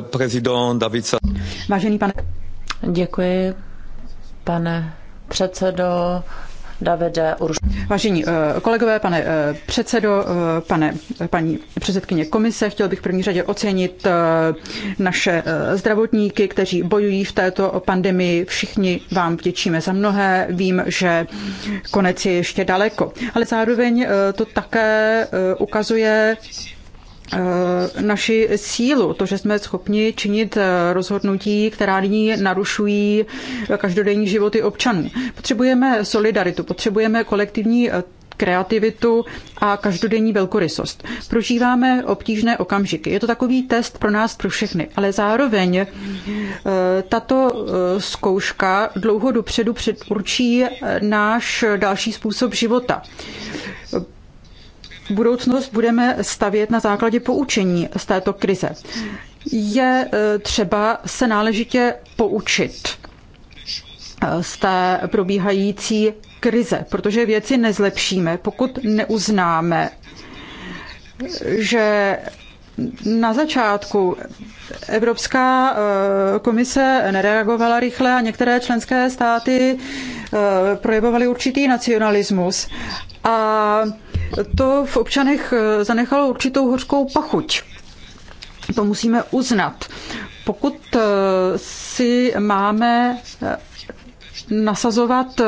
Prezident Vážený pane... Děkuji, pane předsedo. Davide Urš. Vážení eh, kolegové, pane eh, předsedo, eh, pane, paní předsedkyně komise, chtěl bych v první řadě ocenit naše zdravotníky, kteří bojují v této pandemii. Všichni vám vděčíme za mnohé. Vím, že konec je ještě daleko. Ale zároveň to také ukazuje Eh, naši sílu, to, že jsme schopni činit eh, rozhodnutí, která nyní narušují každodenní životy občanů. Potřebujeme solidaritu, potřebujeme kolektivní eh, kreativitu a každodenní velkorysost. Prožíváme obtížné okamžiky. Je to takový test pro nás, pro všechny, ale zároveň tato zkouška dlouho dopředu předurčí náš další způsob života budoucnost budeme stavět na základě poučení z této krize. Je eh, třeba se náležitě poučit eh, z té probíhající krize, protože věci nezlepšíme, pokud neuznáme, že na začátku Evropská eh, komise nereagovala rychle a některé členské státy projevovaly určitý nacionalismus. A to v občanech eh, zanechalo určitou hořkou pachuť. To musíme uznat. Pokud eh, si máme eh, nasazovat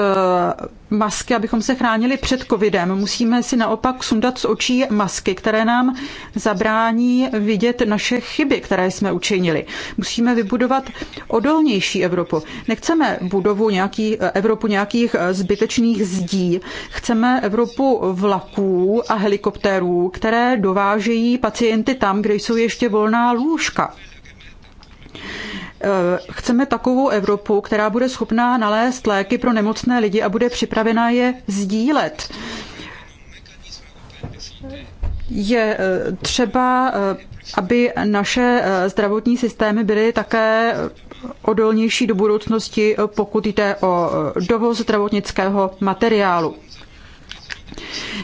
masky, abychom se chránili před covidem. Musíme si naopak sundat z očí masky, které nám zabrání vidět naše chyby, které jsme učinili. Musíme vybudovat odolnější Evropu. Nechceme budovu nějaký, Evropu nějakých zbytečných zdí. Chceme Evropu vlaků a helikoptérů, které dovážejí pacienty tam, kde jsou ještě volná lůžka. Eh, chceme takovou Evropu, která bude schopná nalézt léky pro nemocné lidi a bude připravena je sdílet. Je eh, třeba, eh, aby naše zdravotní systémy byly také odolnější do budoucnosti, pokud jde o dovoz zdravotnického materiálu.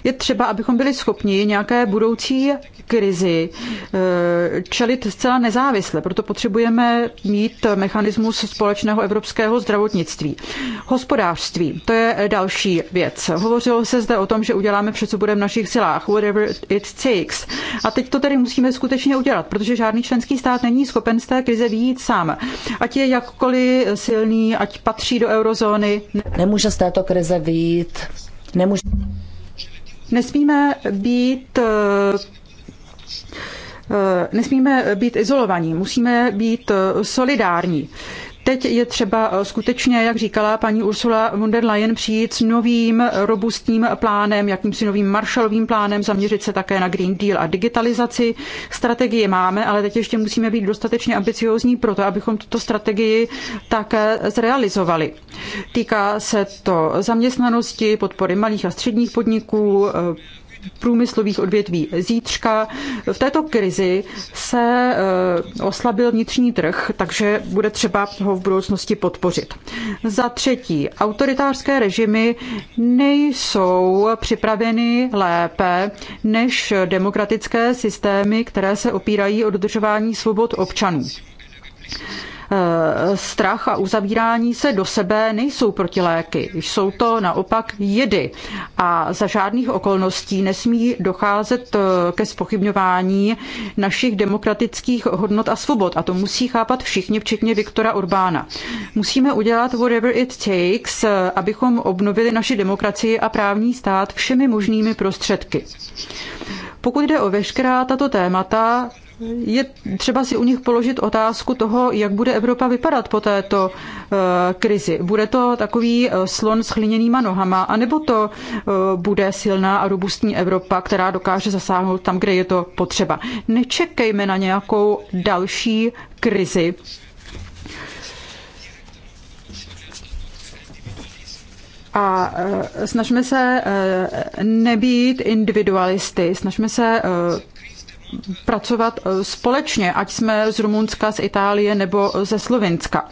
Je třeba, abychom byli schopni nějaké budoucí krizi eh, čelit zcela nezávisle. Proto potřebujeme mít mechanismus společného evropského zdravotnictví. Hospodářství, to je další věc. Hovořilo se zde o tom, že uděláme vše, co bude v našich silách, whatever it takes. A teď to tedy musíme skutečně udělat, protože žádný členský stát není schopen z té krize vyjít sám. Ať je jakkoliv silný, ať patří do eurozóny. Nemůže z této krize vyjít. Nemůže. Nesmíme být eh, eh, nesmíme být izolovaní, musíme být eh, solidární. Teď je třeba eh, skutečně, jak říkala paní Ursula von der Leyen, přijít s novým robustním plánem, jakýmsi novým Marshallovým plánem, zaměřit se také na Green Deal a digitalizaci. Strategie máme, ale teď ještě musíme být dostatečně ambiciózní pro to, abychom tuto strategii také zrealizovali. Týká se to zaměstnanosti, podpory malých a středních podniků, eh, průmyslových odvětví zítřka. V této krizi se eh, oslabil vnitřní trh, takže bude třeba ho v budoucnosti podpořit. Za třetí, autoritářské režimy nejsou připraveny lépe než demokratické systémy, které se opírají o dodržování svobod občanů. Eh, strach a uzavírání se do sebe nejsou protiléky. Jsou to naopak jedy a za žádných okolností nesmí docházet eh, ke spochybňování našich demokratických hodnot a svobod. A to musí chápat všichni, včetně Viktora Orbána. Musíme udělat whatever it takes, eh, abychom obnovili naši demokracii a právní stát všemi možnými prostředky. Pokud jde o veškerá tato témata, je třeba si u nich položit otázku toho, jak bude Evropa vypadat po této eh, krizi. Bude to takový eh, slon s hliněnýma nohama, anebo to eh, bude silná a robustní Evropa, která dokáže zasáhnout tam, kde je to potřeba. Nečekejme na nějakou další krizi. a snažme se nebýt individualisty, snažme se pracovat eh, společně, ať jsme z Rumunska, z Itálie nebo ze Slovenska.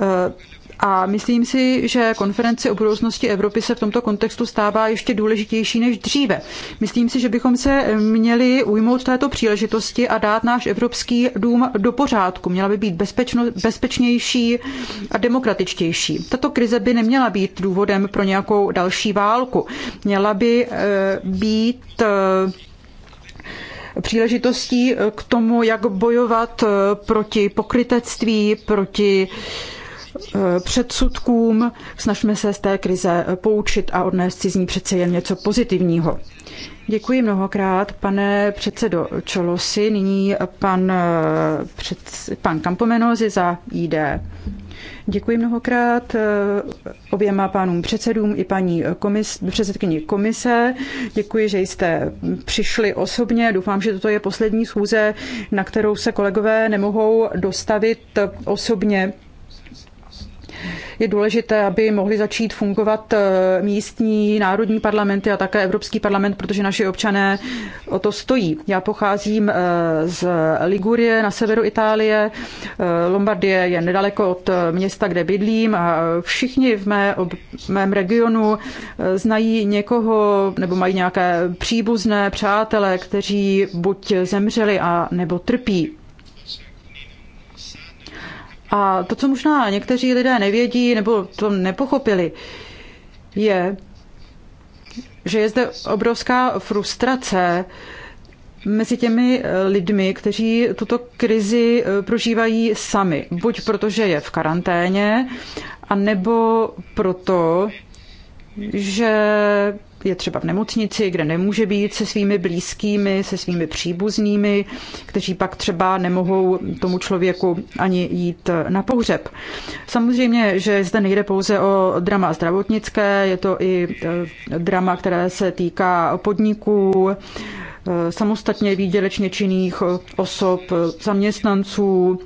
Eh, a myslím si, že konference o budoucnosti Evropy se v tomto kontextu stává ještě důležitější než dříve. Myslím si, že bychom se měli ujmout této příležitosti a dát náš evropský dům do pořádku. Měla by být bezpečno, bezpečnější a demokratičtější. Tato krize by neměla být důvodem pro nějakou další válku. Měla by eh, být příležitostí k tomu, jak bojovat eh, proti pokrytectví, proti eh, předsudkům. Snažme se z té krize poučit a odnést si z ní přece jen něco pozitivního. Děkuji mnohokrát, pane předsedo Čolosi. Nyní pan, eh, před, pan Kampomenozi za ID. Děkuji mnohokrát eh, oběma pánům předsedům i paní komis, předsedkyni komise. Děkuji, že jste přišli osobně. Doufám, že toto je poslední schůze, na kterou se kolegové nemohou dostavit osobně je důležité, aby mohly začít fungovat eh, místní národní parlamenty a také Evropský parlament, protože naši občané o to stojí. Já pocházím eh, z Ligurie na severu Itálie. Eh, Lombardie je nedaleko od města, kde bydlím a všichni v, mé, v mém regionu znají někoho nebo mají nějaké příbuzné přátelé, kteří buď zemřeli a nebo trpí. A to, co možná někteří lidé nevědí nebo to nepochopili, je, že je zde obrovská frustrace mezi těmi lidmi, kteří tuto krizi eh, prožívají sami. Buď protože je v karanténě, anebo proto, že je třeba v nemocnici, kde nemůže být se svými blízkými, se svými příbuznými, kteří pak třeba nemohou tomu člověku ani jít na pohřeb. Samozřejmě, že zde nejde pouze o drama zdravotnické, je to i eh, drama, které se týká podniků, eh, samostatně výdělečně činných eh, osob, zaměstnanců,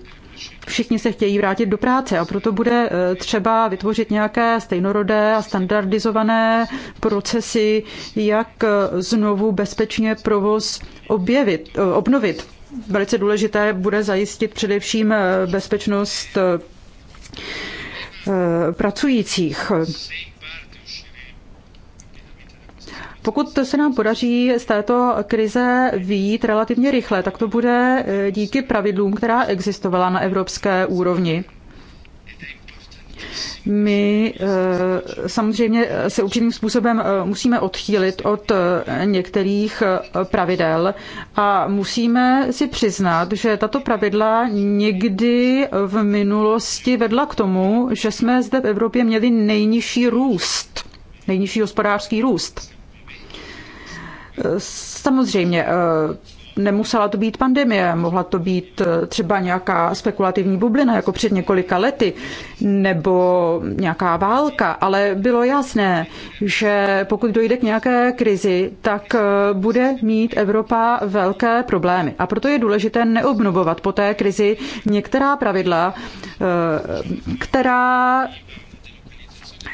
všichni se chtějí vrátit do práce a proto bude eh, třeba vytvořit nějaké stejnorodé a standardizované procesy, jak eh, znovu bezpečně provoz objevit, eh, obnovit. Velice důležité bude zajistit především bezpečnost pracujících. Pokud se nám podaří z této krize výjít relativně rychle, tak to bude e, díky pravidlům, která existovala na evropské úrovni. My e, samozřejmě se určitým způsobem e, musíme odchýlit od některých pravidel a musíme si přiznat, že tato pravidla někdy v minulosti vedla k tomu, že jsme zde v Evropě měli nejnižší růst, nejnižší hospodářský růst. Samozřejmě eh, nemusela to být pandemie, mohla to být eh, třeba nějaká spekulativní bublina, jako před několika lety, nebo nějaká válka, ale bylo jasné, že pokud dojde k nějaké krizi, tak eh, bude mít Evropa velké problémy. A proto je důležité neobnovovat po té krizi některá pravidla, která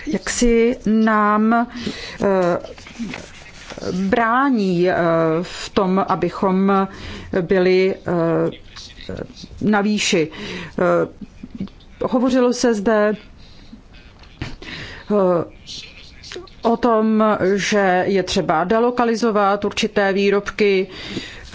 jaksi nám brání eh, v tom, abychom byli eh, na výši. Eh, hovořilo se zde o tom, že je třeba delokalizovat určité výrobky,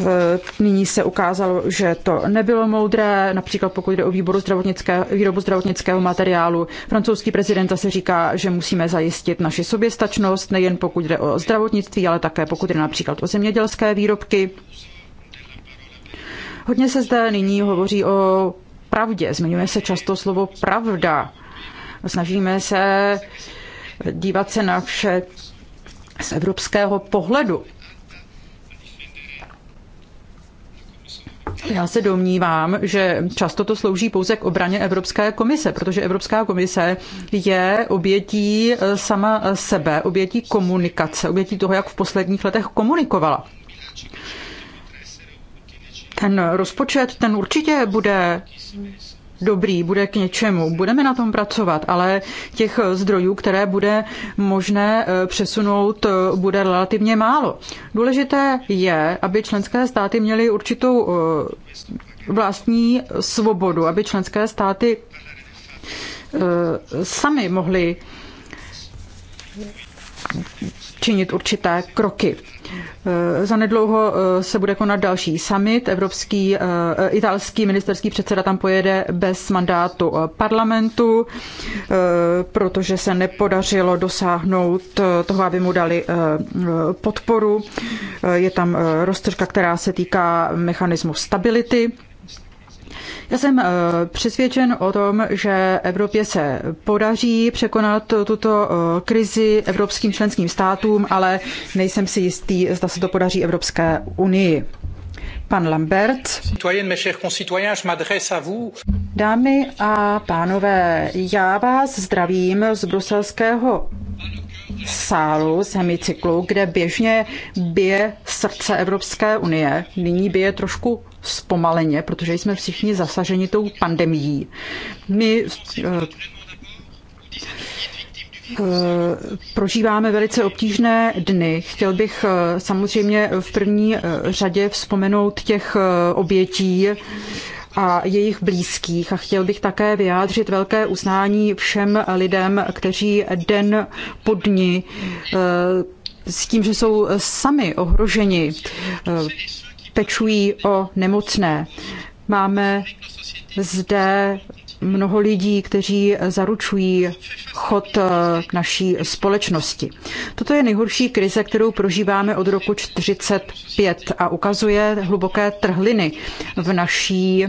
Eh, nyní se ukázalo, že to nebylo moudré, například pokud jde o výboru zdravotnické, výrobu zdravotnického materiálu. Francouzský prezident se říká, že musíme zajistit naši soběstačnost, nejen pokud jde o zdravotnictví, ale také pokud jde například o zemědělské výrobky. Hodně se zde nyní hovoří o pravdě. Zmiňuje se často slovo pravda. Snažíme se dívat se na vše z evropského pohledu. Já se domnívám, že často to slouží pouze k obraně Evropské komise, protože Evropská komise je obětí eh, sama sebe, obětí komunikace, obětí toho, jak v posledních letech komunikovala. Ten rozpočet, ten určitě bude dobrý, bude k něčemu. Budeme na tom pracovat, ale těch zdrojů, které bude možné eh, přesunout, eh, bude relativně málo. Důležité je, aby členské státy měly určitou eh, vlastní svobodu, aby členské státy sami mohly činit určité kroky. Eh, Za nedlouho eh, se bude konat další summit. Evropský, eh, italský ministerský předseda tam pojede bez mandátu parlamentu, protože se nepodařilo dosáhnout toho, aby mu dali podporu. Je tam roztržka, která se týká mechanismu stability. Já jsem eh, přesvědčen o tom, že Evropě se podaří překonat tuto eh, krizi evropským členským státům, ale nejsem si jistý, zda se to podaří Evropské unii. Pan Lambert. Dámy a pánové, já vás zdravím z bruselského sálu z hemicyklu, kde běžně bije srdce Evropské unie. Nyní bije trošku zpomaleně, protože jsme všichni zasaženi tou pandemií. My eh, eh, Prožíváme velice obtížné dny. Chtěl bych eh, samozřejmě v první řadě vzpomenout těch obětí a jejich blízkých a chtěl bych také vyjádřit velké uznání všem lidem, kteří den po dni s tím, že jsou sami ohroženi pečují o nemocné. Máme zde mnoho lidí, kteří zaručují chod eh, naší společnosti. Toto je nejhorší krize, kterou prožíváme od roku 45 a ukazuje hluboké trhliny v naší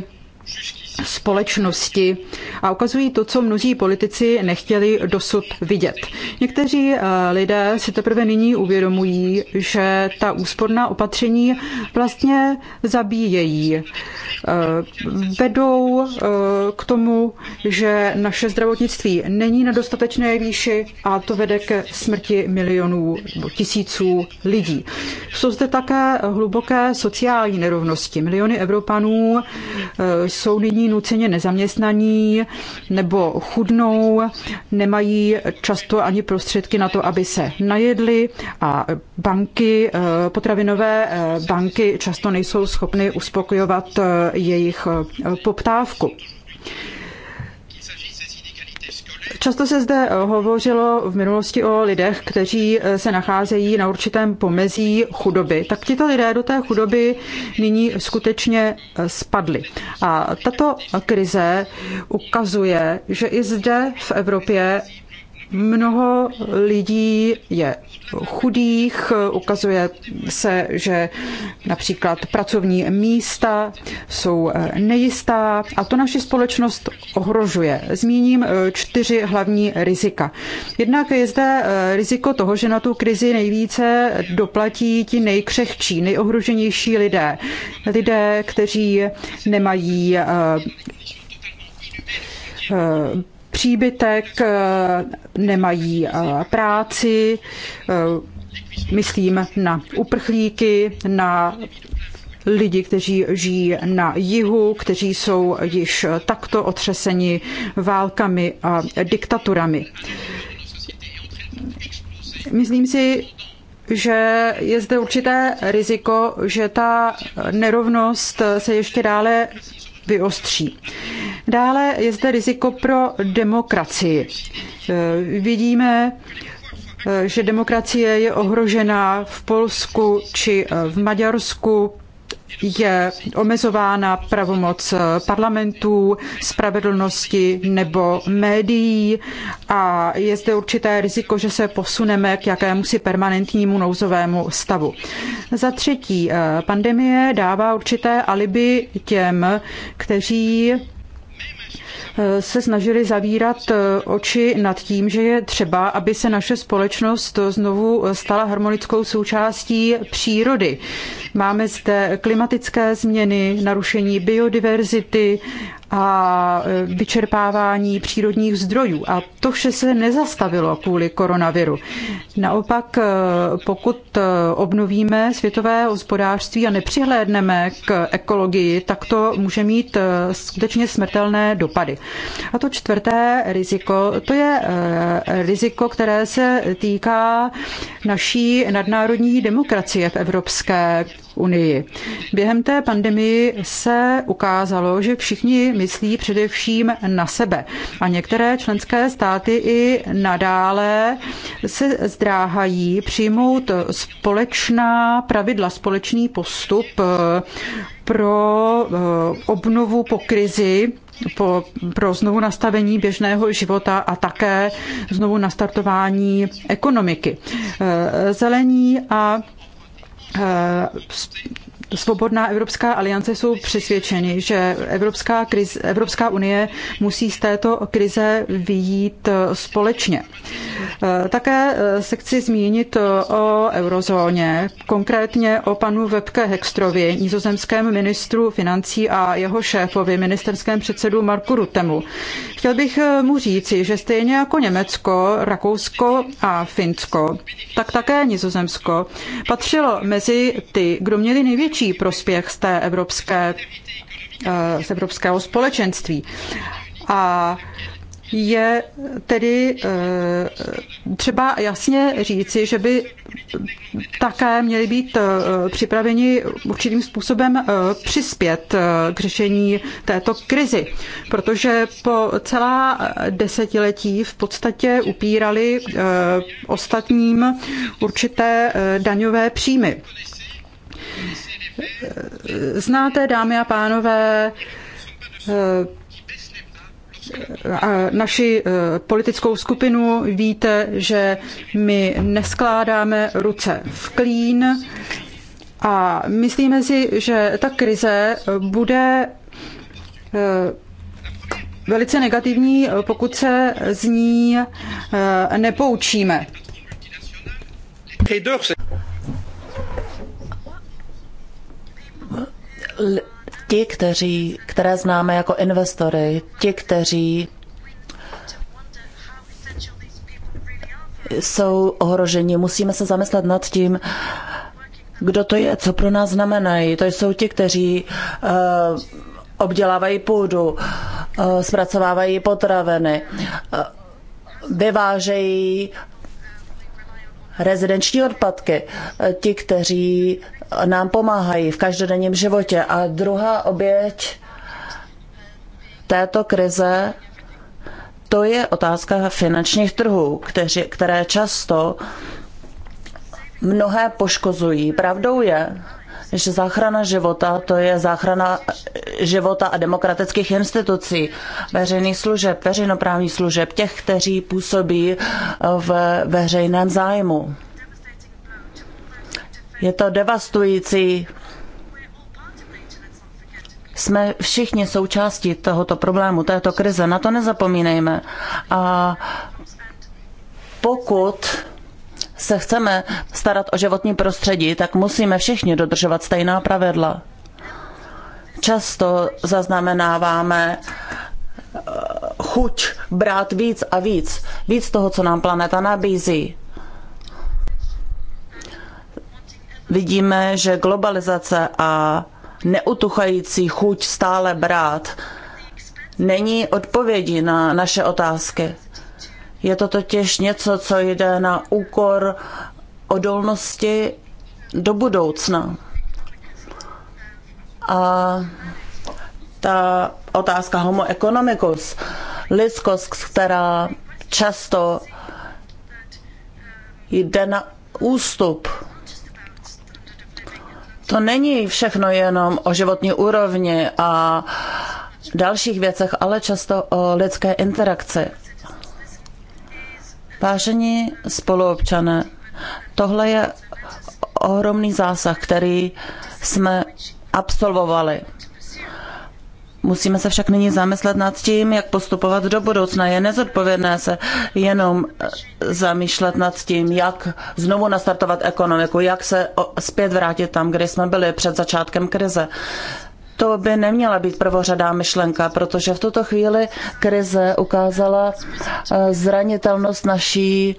společnosti a ukazují to, co mnozí politici nechtěli dosud vidět. Někteří eh, lidé si teprve nyní uvědomují, že ta úsporná opatření vlastně zabíjejí. Eh, vedou eh, k tomu, že naše zdravotnictví není na dostatečné výši a to vede ke smrti milionů nebo tisíců lidí. Jsou zde také hluboké sociální nerovnosti. Miliony Evropanů jsou nyní nuceně nezaměstnaní nebo chudnou, nemají často ani prostředky na to, aby se najedli a banky, eh, potravinové eh, banky často nejsou schopny uspokojovat eh, jejich poptávku. Často se zde eh, hovořilo v minulosti o lidech, kteří eh, se nacházejí na určitém pomezí chudoby. Tak tito lidé do té chudoby nyní skutečně eh, spadli. A tato krize ukazuje, že i zde v Evropě Mnoho lidí je chudých, ukazuje se, že například pracovní místa jsou nejistá a to naši společnost ohrožuje. Zmíním eh, čtyři hlavní rizika. Jednak je zde eh, riziko toho, že na tu krizi nejvíce doplatí ti nejkřehčí, nejohroženější lidé. Lidé, kteří nemají eh, příbytek, eh, nemají eh, práci, eh, myslím na uprchlíky, na lidi, kteří žijí na jihu, kteří jsou již takto otřeseni válkami a diktaturami. Myslím si, že je zde určité riziko, že ta nerovnost se ještě dále vyostří. Dále je zde riziko pro demokracii. Eh, vidíme, eh, že demokracie je ohrožena v Polsku či eh, v Maďarsku, je omezována pravomoc parlamentů, spravedlnosti nebo médií a je zde určité riziko, že se posuneme k jakémusi permanentnímu nouzovému stavu. Za třetí, pandemie dává určité alibi těm, kteří se snažili zavírat e, oči nad tím, že je třeba, aby se naše společnost znovu stala harmonickou součástí přírody. Máme zde klimatické změny, narušení biodiverzity a e, vyčerpávání přírodních zdrojů. A to vše se nezastavilo kvůli koronaviru. Naopak, e, pokud e, obnovíme světové hospodářství a nepřihlédneme k ekologii, tak to může mít skutečně smrtelné dopady. A to čtvrté riziko, to je riziko, které se týká naší nadnárodní demokracie v Evropské unii. Během té pandemii se ukázalo, že všichni myslí především na sebe a některé členské státy i nadále se zdráhají přijmout společná pravidla, společný postup eh, pro eh, obnovu po krizi, po, pro znovu nastavení běžného života a také znovu nastartování ekonomiky. Eh, zelení a uh, Svobodná Evropská aliance jsou přesvědčeni, že Evropská, Evropská unie musí z této krize vyjít eh, společně. Eh, také eh, se chci zmínit o eurozóně, konkrétně o panu Webke Hextrovi, nizozemském ministru financí a jeho šéfovi, ministerském předsedu Marku Rutemu. Chtěl bych mu říci, že stejně jako Německo, Rakousko a Finsko, tak také Nizozemsko patřilo mezi ty, kdo měli největší větší prospěch z té evropské, eh, z evropského společenství. A je tedy eh, třeba jasně říci, že by také měli být eh, připraveni určitým způsobem přispět k řešení této krizi, protože po celá desetiletí v podstatě upírali ostatním určité daňové příjmy. Znáte, dámy a pánové, a naši e, politickou skupinu víte, že my neskládáme ruce v klín a myslíme si, že ta krize bude e, velice negativní, pokud se z ní e, nepoučíme. ti, kteří, které známe jako investory, ti, kteří jsou ohroženi. Musíme se zamyslet nad tím, kdo to je, co pro nás znamenají. To jsou ti, kteří uh, obdělávají půdu, uh, zpracovávají potraveny, uh, eh, vyvážejí rezidenční odpadky. Ti, kteří nám pomáhají v každodenním životě. A druhá oběť této krize to je otázka finančních trhů, kteři, které často mnohé poškozují. Pravdou je, že záchrana života to je záchrana života a demokratických institucí, veřejných služeb, veřejnoprávních služeb, těch, kteří působí v veřejném zájmu. Je to devastující. Jsme všichni součástí tohoto problému, této krize, na to nezapomínejme. A pokud se chceme starat o životní prostředí, tak musíme všichni dodržovat stejná pravidla. Často zaznamenáváme eh, chuť brát víc a víc, víc toho, co nám planeta nabízí. Vidíme, že globalizace a neutuchající chuť stále brát není odpovědí na naše otázky. Je to totiž něco, co jde na úkor odolnosti do budoucna. A ta otázka homo economicus, lidskost, která často jde na ústup to není všechno jenom o životní úrovni a dalších věcech, ale často o lidské interakci. Vážení spoluobčané, tohle je ohromný zásah, který jsme absolvovali. Musíme se však nyní zamyslet nad tím, jak postupovat do budoucna. Je nezodpovědné se jenom eh, zamýšlet nad tím, jak znovu nastartovat ekonomiku, jak se zpět vrátit tam, kde jsme byli před začátkem krize. To by neměla být prvořadá myšlenka, protože v tuto chvíli krize ukázala eh, zranitelnost naší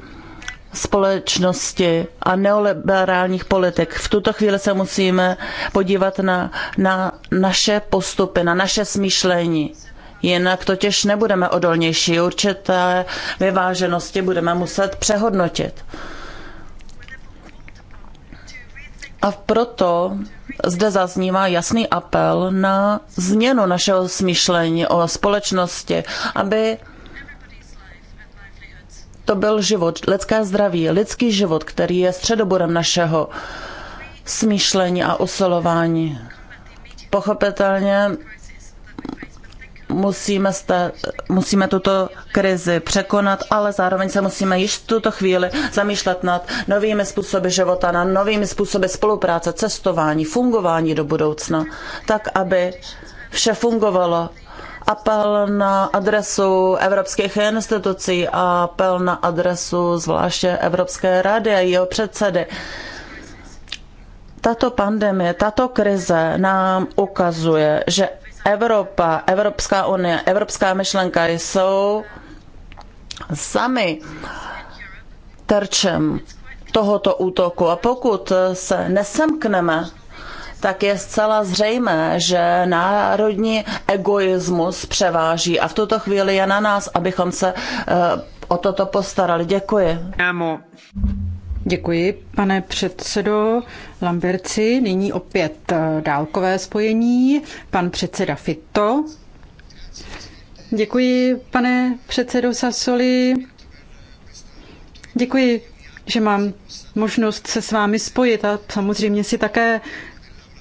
společnosti a neoliberálních politik. V tuto chvíli se musíme podívat na, na naše postupy, na naše smýšlení. Jinak totiž nebudeme odolnější. Určité vyváženosti budeme muset přehodnotit. A proto zde zaznívá jasný apel na změnu našeho smýšlení o společnosti, aby to byl život, lidské zdraví, lidský život, který je středoborem našeho smýšlení a usilování. Pochopitelně musíme, sta- musíme tuto krizi překonat, ale zároveň se musíme již v tuto chvíli zamýšlet nad novými způsoby života, nad novými způsoby spolupráce, cestování, fungování do budoucna, tak aby vše fungovalo apel na adresu evropských institucí a apel na adresu zvláště Evropské rady a jeho předsedy. Tato pandemie, tato krize nám ukazuje, že Evropa, Evropská unie, evropská myšlenka jsou sami terčem tohoto útoku. A pokud se nesemkneme, tak je zcela zřejmé, že národní egoismus převáží a v tuto chvíli je na nás, abychom se eh, o toto postarali. Děkuji. Děkuji, pane předsedo Lamberci. Nyní opět eh, dálkové spojení. Pan předseda Fito. Děkuji, pane předsedo Sasoli. Děkuji, že mám možnost se s vámi spojit a samozřejmě si také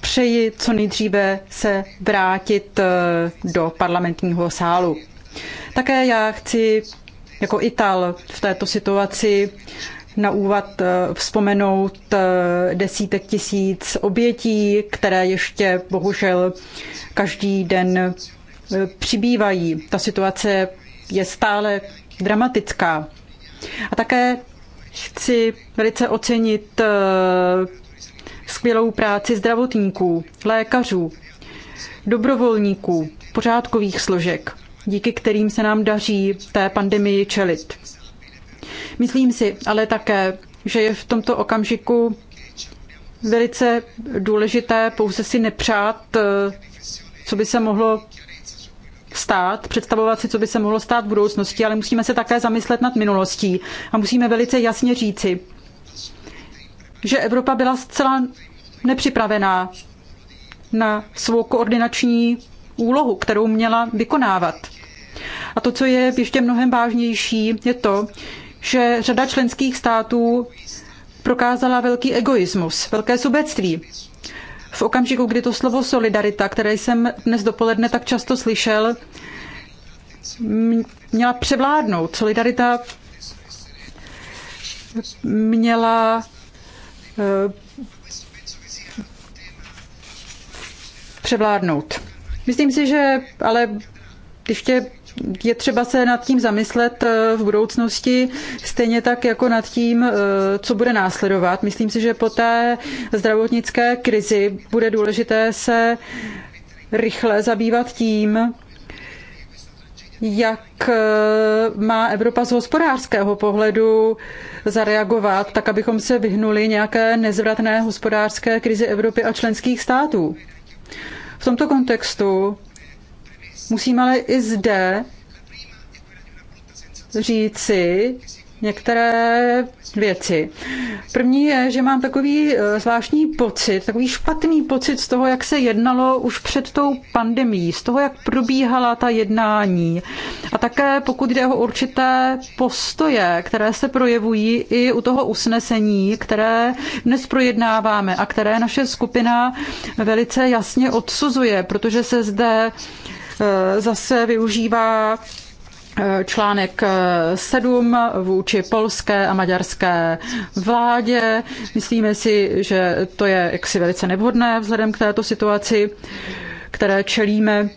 přeji co nejdříve se vrátit eh, do parlamentního sálu. Také já chci jako Ital v této situaci na úvod eh, vzpomenout eh, desítek tisíc obětí, které ještě bohužel každý den přibývají. Ta situace je stále dramatická. A také chci velice ocenit skvělou práci zdravotníků, lékařů, dobrovolníků, pořádkových složek, díky kterým se nám daří té pandemii čelit. Myslím si ale také, že je v tomto okamžiku velice důležité pouze si nepřát, eh, co by se mohlo stát, představovat si, co by se mohlo stát v budoucnosti, ale musíme se také zamyslet nad minulostí a musíme velice jasně říci, že Evropa byla zcela nepřipravená na svou koordinační úlohu, kterou měla vykonávat. A to, co je ještě mnohem vážnější, je to, že řada členských států prokázala velký egoismus, velké sobectví. V okamžiku, kdy to slovo solidarita, které jsem dnes dopoledne tak často slyšel, měla převládnout. Solidarita měla Eh, převládnout. Myslím si, že ale ještě je třeba se nad tím zamyslet eh, v budoucnosti, stejně tak jako nad tím, eh, co bude následovat. Myslím si, že po té zdravotnické krizi bude důležité se rychle zabývat tím, jak eh, má Evropa z hospodářského pohledu zareagovat, tak abychom se vyhnuli nějaké nezvratné hospodářské krizi Evropy a členských států. V tomto kontextu musíme ale i zde říci, některé věci. První je, že mám takový eh, zvláštní pocit, takový špatný pocit z toho, jak se jednalo už před tou pandemí, z toho, jak probíhala ta jednání. A také pokud jde o určité postoje, které se projevují i u toho usnesení, které dnes projednáváme a které naše skupina velice jasně odsuzuje, protože se zde eh, zase využívá článek 7 eh, vůči polské a maďarské vládě. Myslíme si, že to je jaksi velice nevhodné vzhledem k této situaci, které čelíme.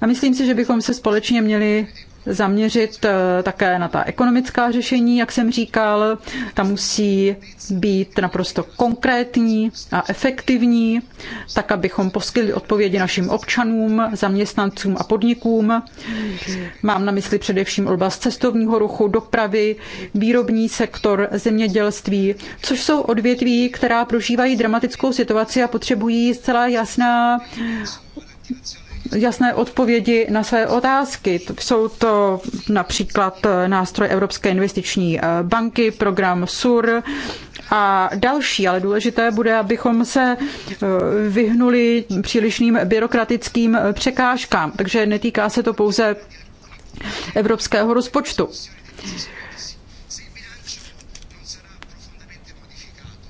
A myslím si, že bychom se společně měli zaměřit eh, také na ta ekonomická řešení, jak jsem říkal. Ta musí být naprosto konkrétní a efektivní, tak abychom poskytli odpovědi našim občanům, zaměstnancům a podnikům. Mám na mysli především oblast cestovního ruchu, dopravy, výrobní sektor, zemědělství, což jsou odvětví, která prožívají dramatickou situaci a potřebují zcela jasná jasné odpovědi na své otázky. Jsou to například nástroj Evropské investiční eh, banky, program SUR a další, ale důležité bude, abychom se eh, vyhnuli přílišným byrokratickým eh, překážkám. Takže netýká se to pouze evropského rozpočtu.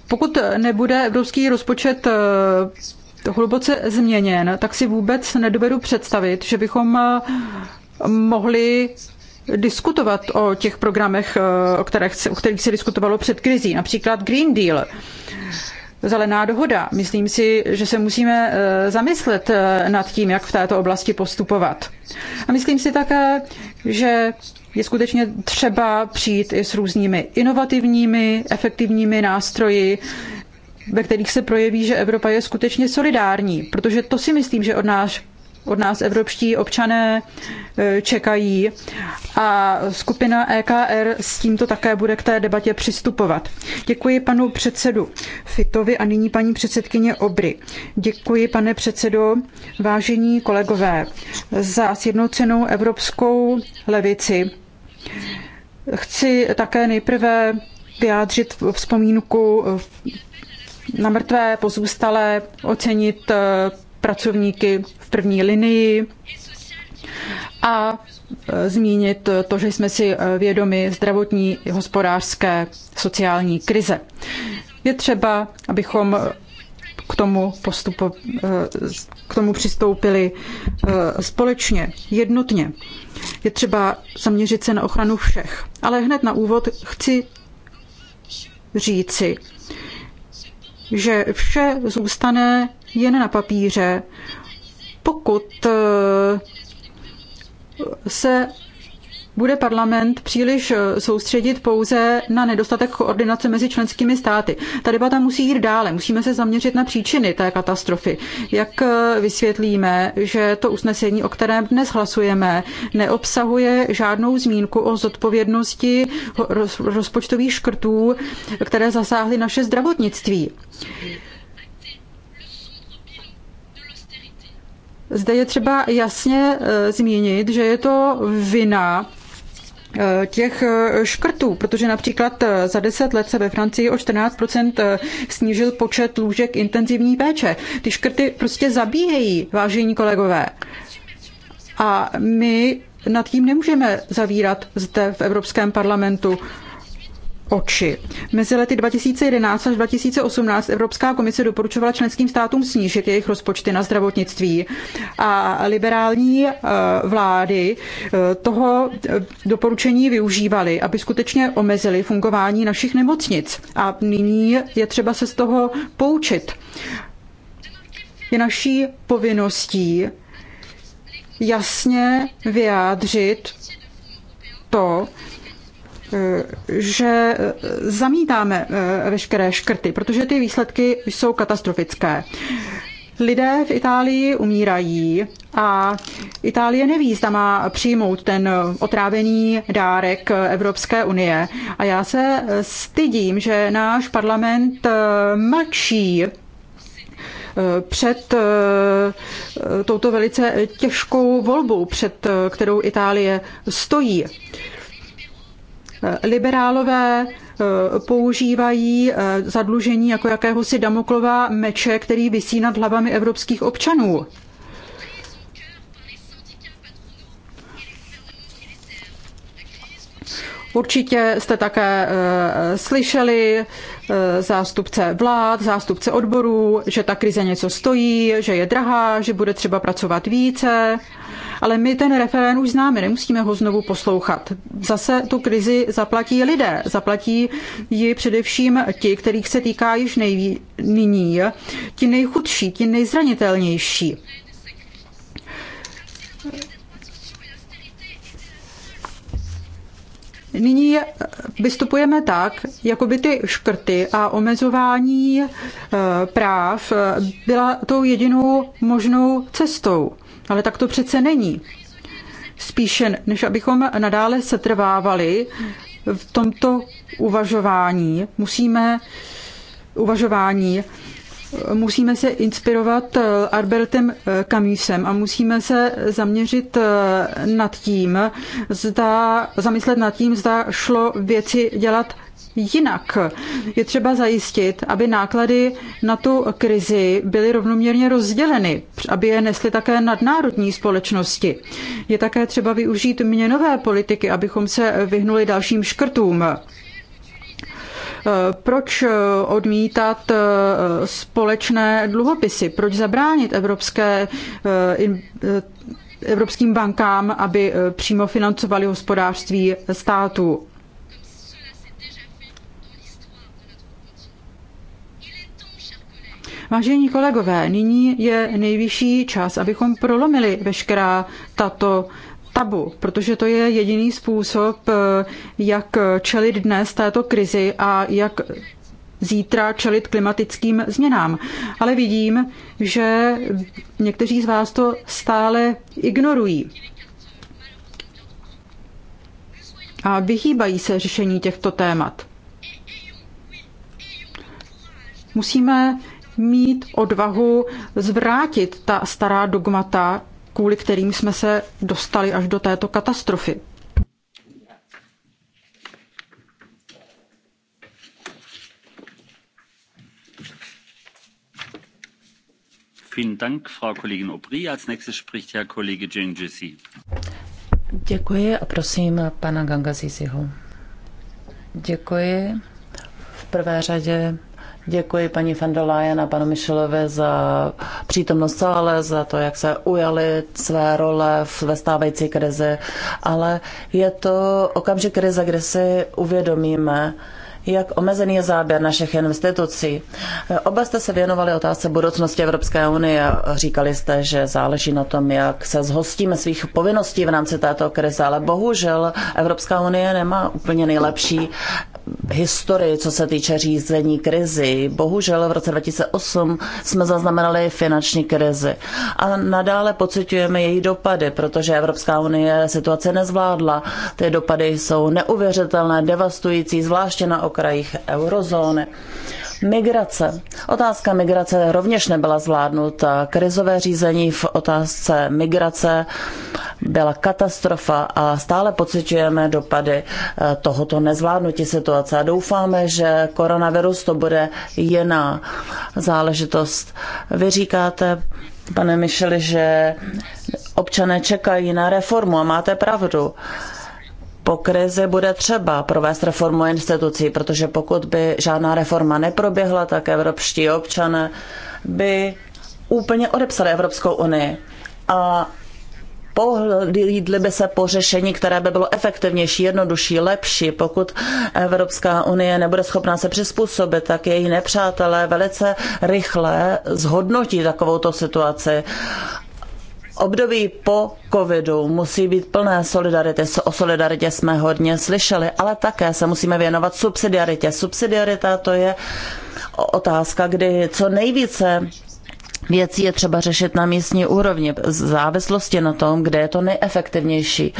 Pokud nebude evropský rozpočet hluboce změněn, tak si vůbec nedovedu představit, že bychom eh, mohli diskutovat o těch programech, eh, o kterých, se, o kterých se diskutovalo před krizí, například Green Deal, zelená dohoda. Myslím si, že se musíme eh, zamyslet nad tím, jak v této oblasti postupovat. A myslím si také, že je skutečně třeba přijít i s různými inovativními, efektivními nástroji, ve kterých se projeví, že Evropa je skutečně solidární, protože to si myslím, že od nás od nás evropští občané e, čekají a skupina EKR s tímto také bude k té debatě přistupovat. Děkuji panu předsedu Fitovi a nyní paní předsedkyně Obry. Děkuji, pane předsedo, vážení kolegové, za sjednocenou evropskou levici. Chci také nejprve vyjádřit vzpomínku na mrtvé pozůstalé, ocenit eh, pracovníky v první linii a eh, zmínit to, že jsme si eh, vědomi zdravotní, hospodářské, sociální krize. Je třeba, abychom k tomu, postupo, k tomu přistoupili společně, jednotně. Je třeba zaměřit se na ochranu všech. Ale hned na úvod chci říci, že vše zůstane jen na papíře, pokud eh, se bude parlament příliš eh, soustředit pouze na nedostatek koordinace mezi členskými státy. Ta debata musí jít dále, musíme se zaměřit na příčiny té katastrofy. Jak eh, vysvětlíme, že to usnesení, o kterém dnes hlasujeme, neobsahuje žádnou zmínku o zodpovědnosti rozpočtových škrtů, které zasáhly naše zdravotnictví. Zde je třeba jasně eh, zmínit, že je to vina Eh, těch eh, škrtů, protože například eh, za 10 let se ve Francii o 14% snížil počet lůžek intenzivní péče. Ty škrty prostě zabíjejí, vážení kolegové. A my nad tím nemůžeme zavírat zde v Evropském parlamentu oči. Mezi lety 2011 až 2018 Evropská komise doporučovala členským státům snížit jejich rozpočty na zdravotnictví a liberální eh, vlády eh, toho eh, doporučení využívaly, aby skutečně omezili fungování našich nemocnic. A nyní je třeba se z toho poučit. Je naší povinností jasně vyjádřit to, Eh, že eh, zamítáme eh, veškeré škrty, protože ty výsledky jsou katastrofické. Lidé v Itálii umírají a Itálie neví, zda má přijmout ten otrávený dárek Evropské unie. A já se stydím, že náš parlament mlčí před touto velice těžkou volbou, před kterou Itálie stojí. Liberálové eh, používají eh, zadlužení jako jakéhosi damoklova meče, který vysí nad hlavami evropských občanů. Určitě jste také eh, slyšeli eh, zástupce vlád, zástupce odborů, že ta krize něco stojí, že je drahá, že bude třeba pracovat více. Ale my ten referén už známe, nemusíme ho znovu poslouchat. Zase tu krizi zaplatí lidé. Zaplatí ji především ti, kterých se týká již nejví, nyní, ti nejchudší, ti nejzranitelnější. Nyní vystupujeme tak, jako by ty škrty a omezování eh, práv eh, byla tou jedinou možnou cestou. Ale tak to přece není. Spíše, než abychom nadále setrvávali v tomto uvažování, musíme uvažování Musíme se inspirovat eh, Albertem Camusem eh, a musíme se zaměřit eh, nad tím, zda, zamyslet nad tím, zda šlo věci dělat jinak. Je třeba zajistit, aby náklady na tu krizi byly rovnoměrně rozděleny, aby je nesly také nadnárodní společnosti. Je také třeba využít měnové politiky, abychom se vyhnuli dalším škrtům. Eh, proč eh, odmítat eh, společné dluhopisy? Proč zabránit evropské evropským bankám, aby přímo financovali hospodářství státu. Vážení kolegové, nyní je nejvyšší čas, abychom prolomili veškerá tato tabu, protože to je jediný způsob, eh, jak čelit dnes této krizi a jak zítra čelit klimatickým změnám. Ale vidím, že někteří z vás to stále ignorují. A vyhýbají se řešení těchto témat. Musíme mít odvahu zvrátit ta stará dogmata kvůli kterým jsme se dostali až do této katastrofy. Děkuji a prosím pana Gangazisiho. Děkuji. V prvé řadě Děkuji paní Fendelájen a panu Michelovi za přítomnost sále, za to, jak se ujali své role ve stávající krizi, ale je to okamžik krize, kde si uvědomíme, jak omezený je záběr našich institucí. Oba jste se věnovali otázce budoucnosti Evropské unie. Říkali jste, že záleží na tom, jak se zhostíme svých povinností v rámci této krize, ale bohužel Evropská unie nemá úplně nejlepší historii, co se týče řízení krizi. Bohužel v roce 2008 jsme zaznamenali finanční krizi a nadále pocitujeme její dopady, protože Evropská unie situace nezvládla. Ty dopady jsou neuvěřitelné, devastující, zvláště na okrajích eurozóny. Migrace. Otázka migrace rovněž nebyla zvládnuta. Krizové řízení v otázce migrace byla katastrofa a stále pociťujeme dopady eh, tohoto nezvládnutí situace a doufáme, že koronavirus to bude jiná záležitost. Vy říkáte, pane Mišeli, že občané čekají na reformu a máte pravdu po krizi bude třeba provést reformu institucí, protože pokud by žádná reforma neproběhla, tak evropští občané by úplně odepsali Evropskou unii. A by se po řešení, které by bylo efektivnější, jednodušší, lepší. Pokud Evropská unie nebude schopná se přizpůsobit, tak její nepřátelé velice rychle zhodnotí takovouto situaci období po covidu musí být plné solidarity. O solidaritě jsme hodně slyšeli, ale také se musíme věnovat subsidiaritě. Subsidiarita to je otázka, kdy co nejvíce věcí je třeba řešit na místní úrovni, v závislosti na tom, kde je to nejefektivnější.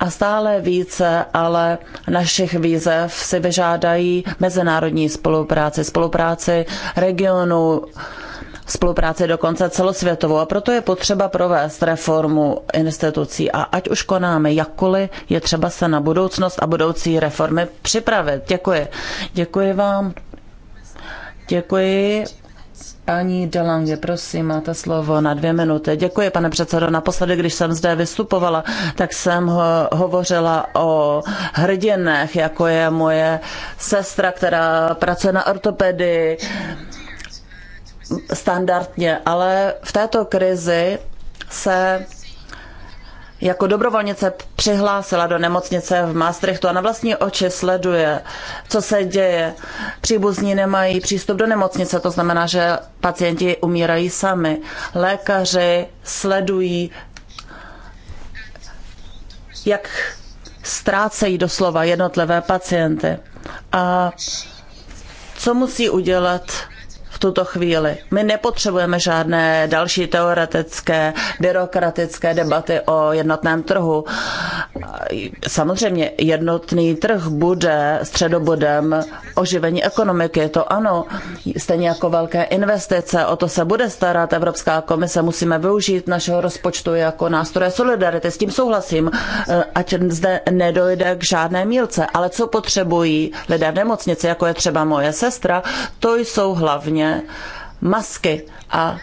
A stále více ale našich výzev si vyžádají mezinárodní spolupráci, spolupráci regionu, spolupráci dokonce celosvětovou. A proto je potřeba provést reformu institucí. A ať už konáme jakkoliv, je třeba se na budoucnost a budoucí reformy připravit. Děkuji. Děkuji vám. Děkuji Paní Delange, prosím, máte slovo na dvě minuty. Děkuji, pane předsedo. Naposledy, když jsem zde vystupovala, tak jsem hovořila o hrdinech, jako je moje sestra, která pracuje na ortopedii standardně, ale v této krizi se jako dobrovolnice přihlásila do nemocnice v Maastrichtu a na vlastní oči sleduje, co se děje. Příbuzní nemají přístup do nemocnice, to znamená, že pacienti umírají sami. Lékaři sledují, jak ztrácejí doslova jednotlivé pacienty. A co musí udělat v tuto chvíli. My nepotřebujeme žádné další teoretické, byrokratické debaty o jednotném trhu. Samozřejmě jednotný trh bude středobodem oživení ekonomiky, to ano, stejně jako velké investice, o to se bude starat Evropská komise, musíme využít našeho rozpočtu jako nástroje solidarity, s tím souhlasím, ať zde nedojde k žádné mílce, ale co potřebují lidé v nemocnici, jako je třeba moje sestra, to jsou hlavně Ukrajině masky a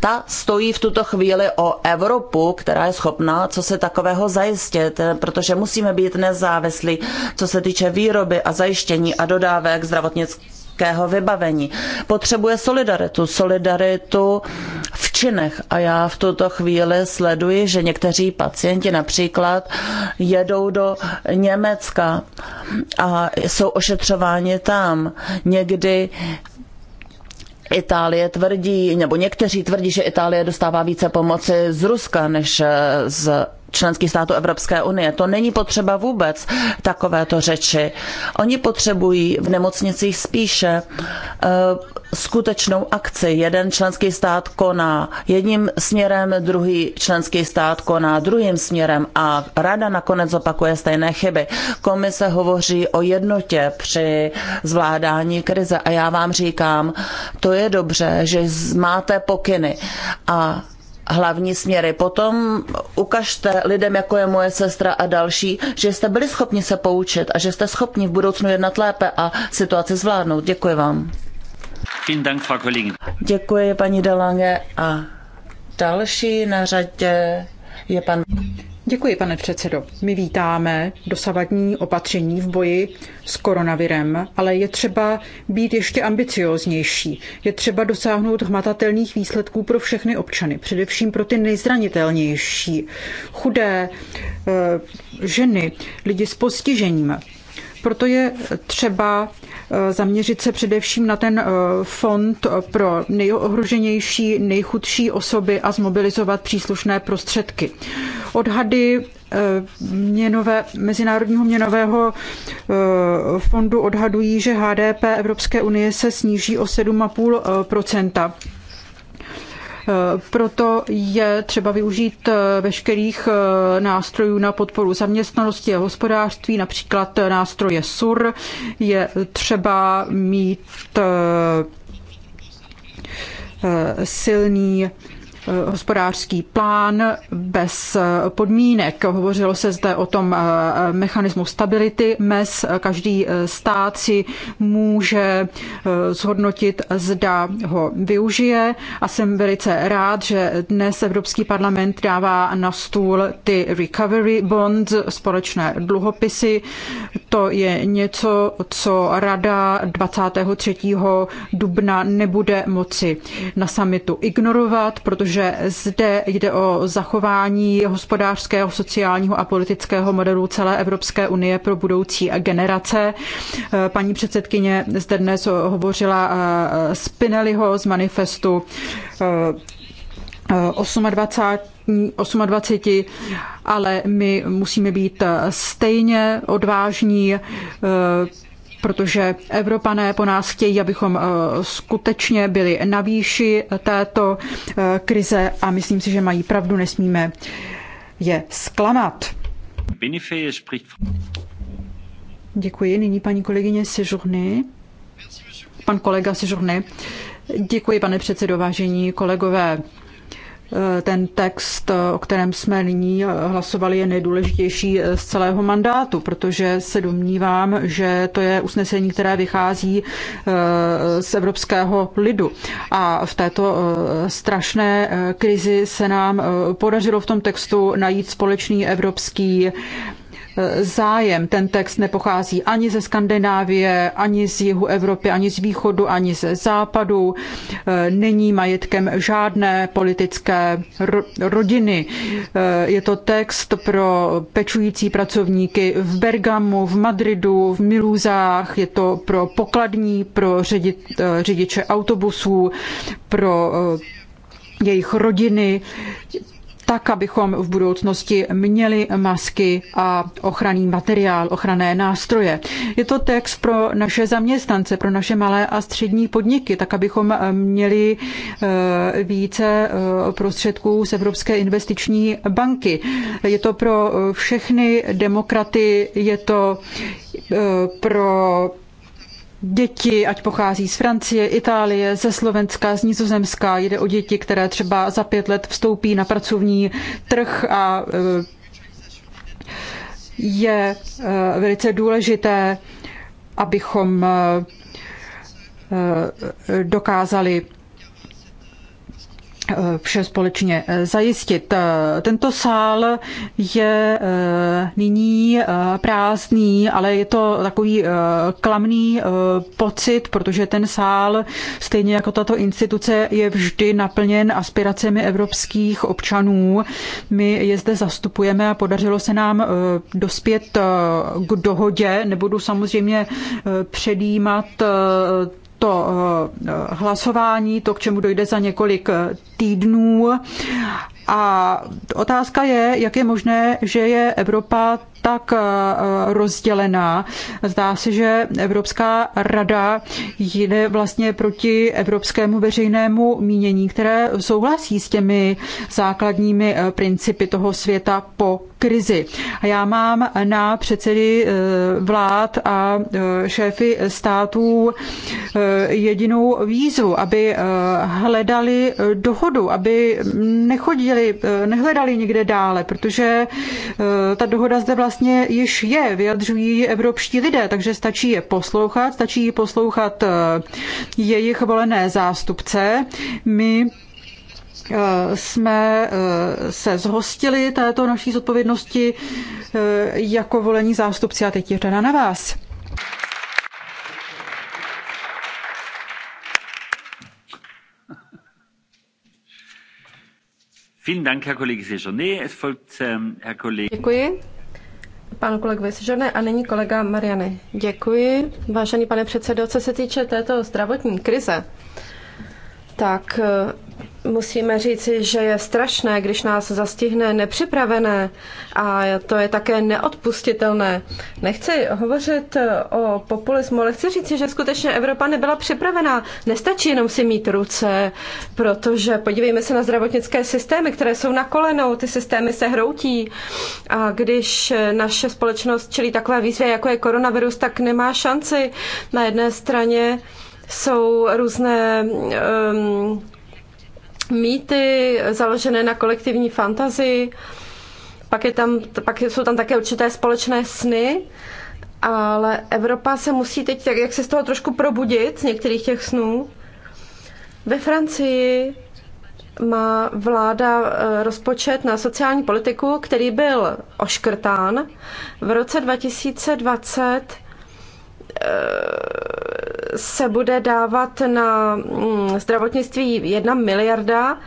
ta stojí v tuto chvíli o Evropu, která je schopná co se takového zajistit, protože musíme být nezávislí, co se týče výroby a zajištění a dodávek zdravotnického vybavení. Potřebuje solidaritu, solidaritu v činech a já v tuto chvíli sleduji, že někteří pacienti například jedou do Německa a jsou ošetřováni tam. Někdy Itálie tvrdí, nebo někteří tvrdí, že Itálie dostává více pomoci z Ruska než z členských států Evropské unie. To není potřeba vůbec takovéto řeči. Oni potřebují v nemocnicích spíše eh, skutečnou akci. Jeden členský stát koná jedním směrem, druhý členský stát koná druhým směrem a rada nakonec opakuje stejné chyby. Komise hovoří o jednotě při zvládání krize a já vám říkám, to je dobře, že máte pokyny a hlavní směry. Potom ukažte lidem, jako je moje sestra a další, že jste byli schopni se poučit a že jste schopni v budoucnu jednat lépe a situaci zvládnout. Děkuji vám. Děkuji, paní Delange. A další na řadě je pan Děkuji, pane předsedo. My vítáme dosavadní opatření v boji s koronavirem, ale je třeba být ještě ambicióznější. Je třeba dosáhnout hmatatelných výsledků pro všechny občany, především pro ty nejzranitelnější, chudé, eh, ženy, lidi s postižením. Proto je třeba eh, zaměřit se především na ten eh, fond pro nejohroženější, nejchudší osoby a zmobilizovat příslušné prostředky. Odhady eh, měnové, Mezinárodního měnového fondu odhadují, že HDP Evropské unie se sníží o 7,5 Eh, proto je třeba využít eh, veškerých eh, nástrojů na podporu zaměstnanosti a hospodářství, například nástroje SUR. Je třeba mít silný Eh, hospodářský plán bez podmínek. Hovořilo se zde o tom eh, mechanismu stability mez. Eh, každý stát si může zhodnotit, zda ho využije a jsem velice rád, že dnes Evropský parlament dává na stůl ty recovery bonds, společné dluhopisy. To je něco, co Rada 23. dubna nebude moci na samitu ignorovat, protože že zde jde o zachování hospodářského, sociálního a politického modelu celé Evropské unie pro budoucí generace. Paní předsedkyně zde dnes hovořila eh, Spinelliho z manifestu 28 eh, 28, ale my musíme být stejně odvážní eh, protože Evropané po nás chtějí, abychom eh, skutečně byli na výši této eh, krize a myslím si, že mají pravdu, nesmíme je zklamat. Děkuji. Nyní paní kolegyně Sejourny. Pan kolega Sejourny. Děkuji, pane předsedo, vážení kolegové. Eh, ten text, eh, o kterém jsme nyní eh, hlasovali, je nejdůležitější z celého mandátu, protože se domnívám, že to je usnesení, které vychází z evropského lidu. A v této strašné krizi se nám podařilo v tom textu najít společný evropský zájem. Ten text nepochází ani ze Skandinávie, ani z jihu Evropy, ani z východu, ani ze západu. Eh, není majetkem žádné politické rodiny. Eh, je to text pro pečující pracovníky v Bergamu, v Madridu, v Milúzách, je to pro pokladní, pro eh, řidiče autobusů, pro jejich rodiny tak, abychom v budoucnosti měli masky a ochranný materiál, ochranné nástroje. Je to text pro naše zaměstnance, pro naše malé a střední podniky, tak, abychom eh, měli eh, více eh, prostředků z Evropské investiční banky. Je to pro všechny demokraty, je to pro děti, ať pochází z Francie, Itálie, ze Slovenska, z Nizozemska. Jde o děti, které třeba za pět let vstoupí na pracovní trh a eh, je eh, velice důležité, abychom eh, dokázali Eh, vše společně eh, zajistit. Eh, tento sál je nyní prázdný, ale je to takový klamný pocit, protože ten sál, stejně jako tato instituce, je vždy naplněn aspiracemi evropských občanů. My je zde zastupujeme a podařilo se nám dospět k dohodě. Nebudu samozřejmě předjímat to eh, hlasování, to, k čemu dojde za několik eh, týdnů. A otázka je, jak je možné, že je Evropa tak eh, rozdělená. Zdá se, že Evropská rada jde vlastně proti evropskému veřejnému mínění, které souhlasí s těmi základními eh, principy toho světa po krizi. A já mám na předsedy eh, vlád a šéfy států jedinou výzvu, aby hledali dohodu, aby nechodili, nehledali nikde dále, protože ta dohoda zde vlastně vlastně již je, vyjadřují evropští lidé, takže stačí je poslouchat, stačí poslouchat eh, jejich volené zástupce. My eh, jsme eh, se zhostili této naší zodpovědnosti jako volení zástupci a teď je teda na vás. Ähm, Děkuji. Pan kolegovi Sežané a nyní kolega Mariany. Děkuji. Vážený pane předsedo, co se týče této zdravotní krize, tak Musíme říci, že je strašné, když nás zastihne nepřipravené a to je také neodpustitelné. Nechci hovořit eh, o populismu, ale chci říci, že skutečně Evropa nebyla připravená. Nestačí jenom si mít ruce, protože podívejme se na zdravotnické systémy, které jsou na kolenou, ty systémy se hroutí a když naše společnost čelí takové výzvě, jako je koronavirus, tak nemá šanci. Na jedné straně jsou různé um, mýty založené na kolektivní fantazii, pak, je tam, pak jsou tam také určité společné sny, ale Evropa se musí teď tak, jak se z toho trošku probudit z některých těch snů. Ve Francii má vláda eh, rozpočet na sociální politiku, který byl oškrtán. V roce 2020 se bude dávat na mm, zdravotnictví jedna miliarda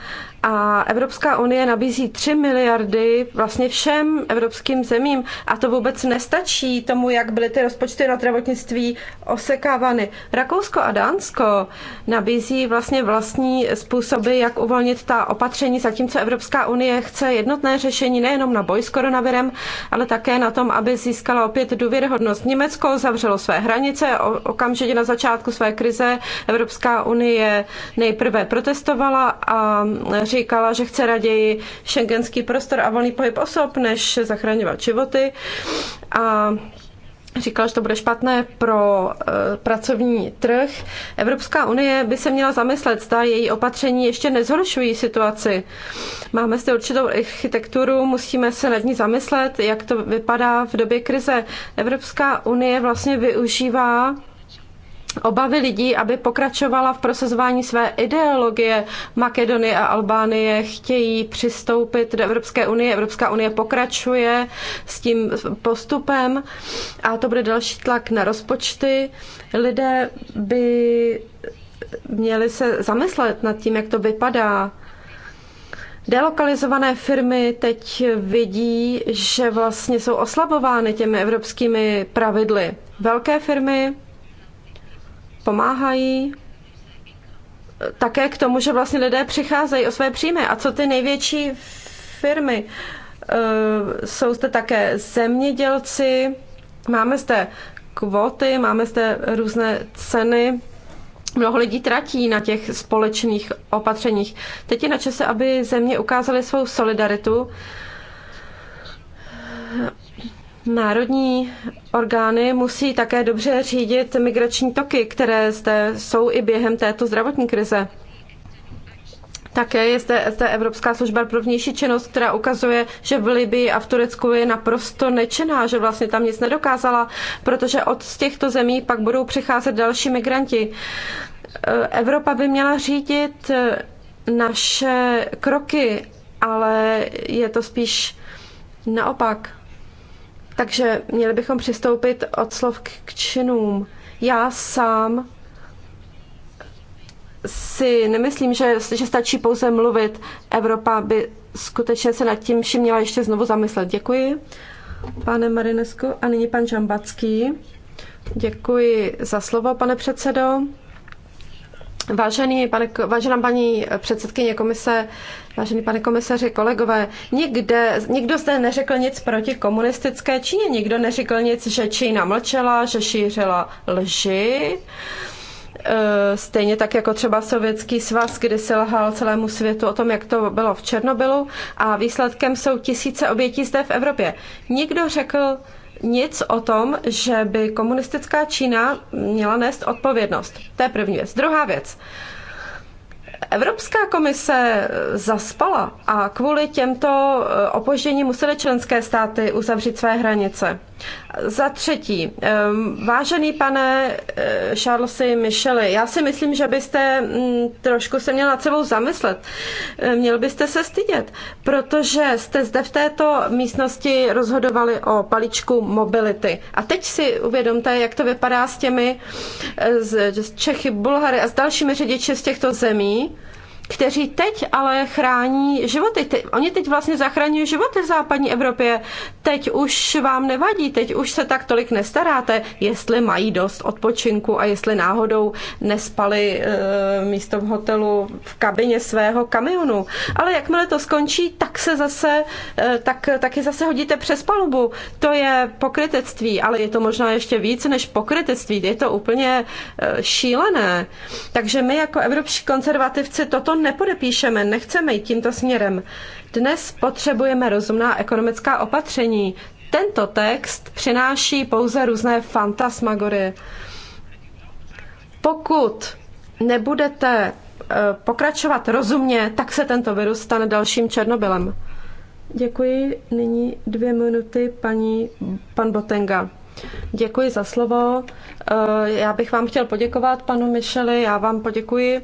a Evropská unie nabízí 3 miliardy vlastně všem evropským zemím a to vůbec nestačí tomu, jak byly ty rozpočty na zdravotnictví osekávány. Rakousko a Dánsko nabízí vlastně vlastní způsoby, jak uvolnit ta opatření, zatímco Evropská unie chce jednotné řešení nejenom na boj s koronavirem, ale také na tom, aby získala opět důvěryhodnost. Německo zavřelo své hranice okamžitě na začátku své krize. Evropská unie nejprve protestovala a říkala, že chce raději šengenský prostor a volný pohyb osob, než zachraňovat životy. A říkala, že to bude špatné pro e, pracovní trh. Evropská unie by se měla zamyslet, zda její opatření ještě nezhoršují situaci. Máme zde určitou architekturu, musíme se nad ní zamyslet, jak to vypadá v době krize. Evropská unie vlastně využívá obavy lidí, aby pokračovala v prosazování své ideologie. Makedonie a Albánie chtějí přistoupit do Evropské unie. Evropská unie pokračuje s tím postupem a to bude další tlak na rozpočty. Lidé by měli se zamyslet nad tím, jak to vypadá. Delokalizované firmy teď vidí, že vlastně jsou oslabovány těmi evropskými pravidly. Velké firmy pomáhají eh, také k tomu, že vlastně lidé přicházejí o své příjmy. A co ty největší firmy? Eh, jsou zde také zemědělci, máme zde kvóty, máme zde různé ceny. Mnoho lidí tratí na těch společných opatřeních. Teď je na čase, aby země ukázaly svou solidaritu Národní orgány musí také dobře řídit migrační toky, které zde jsou i během této zdravotní krize. Také je zde, zde Evropská služba pro vnější činnost, která ukazuje, že v Libii a v Turecku je naprosto nečinná, že vlastně tam nic nedokázala, protože od z těchto zemí pak budou přicházet další migranti. Evropa by měla řídit eh, naše kroky, ale je to spíš naopak. Takže měli bychom přistoupit od slov k činům. Já sám si nemyslím, že, že stačí pouze mluvit. Evropa by skutečně se nad tím vším měla ještě znovu zamyslet. Děkuji, pane Marinesko. A nyní pan Žambacký. Děkuji za slovo, pane předsedo. Vážený pane, vážená paní předsedkyně komise, vážený pane komisaři, kolegové, nikde, nikdo zde neřekl nic proti komunistické Číně, nikdo neřekl nic, že Čína mlčela, že šířila lži. E, stejně tak jako třeba Sovětský svaz, kdy se lhal celému světu o tom, jak to bylo v Černobylu a výsledkem jsou tisíce obětí zde v Evropě. Nikdo řekl, nic o tom, že by komunistická Čína měla nést odpovědnost. To je první věc. Druhá věc. Evropská komise zaspala a kvůli těmto eh, opožděním musely členské státy uzavřít své hranice. Za třetí, ehm, vážený pane eh, Charlesy Micheli, já si myslím, že byste mm, trošku se měl nad sebou zamyslet. Eh, měl byste se stydět, protože jste zde v této místnosti rozhodovali o paličku mobility. A teď si uvědomte, jak to vypadá s těmi eh, z Čechy, Bulhary a s dalšími řidiči z těchto zemí, kteří teď ale chrání životy. Te, oni teď vlastně zachraňují životy v západní Evropě. Teď už vám nevadí, teď už se tak tolik nestaráte, jestli mají dost odpočinku a jestli náhodou nespali e, místo v hotelu v kabině svého kamionu. Ale jakmile to skončí, tak se zase, e, tak, taky zase hodíte přes palubu. To je pokrytectví, ale je to možná ještě víc než pokrytectví. Je to úplně e, šílené. Takže my jako evropští konzervativci toto nepodepíšeme, nechceme jít tímto směrem. Dnes potřebujeme rozumná ekonomická opatření. Tento text přináší pouze různé fantasmagorie. Pokud nebudete eh, pokračovat rozumně, tak se tento virus stane dalším Černobylem. Děkuji. Nyní dvě minuty paní, pan Botenga. Děkuji za slovo. Eh, já bych vám chtěl poděkovat, panu Micheli, já vám poděkuji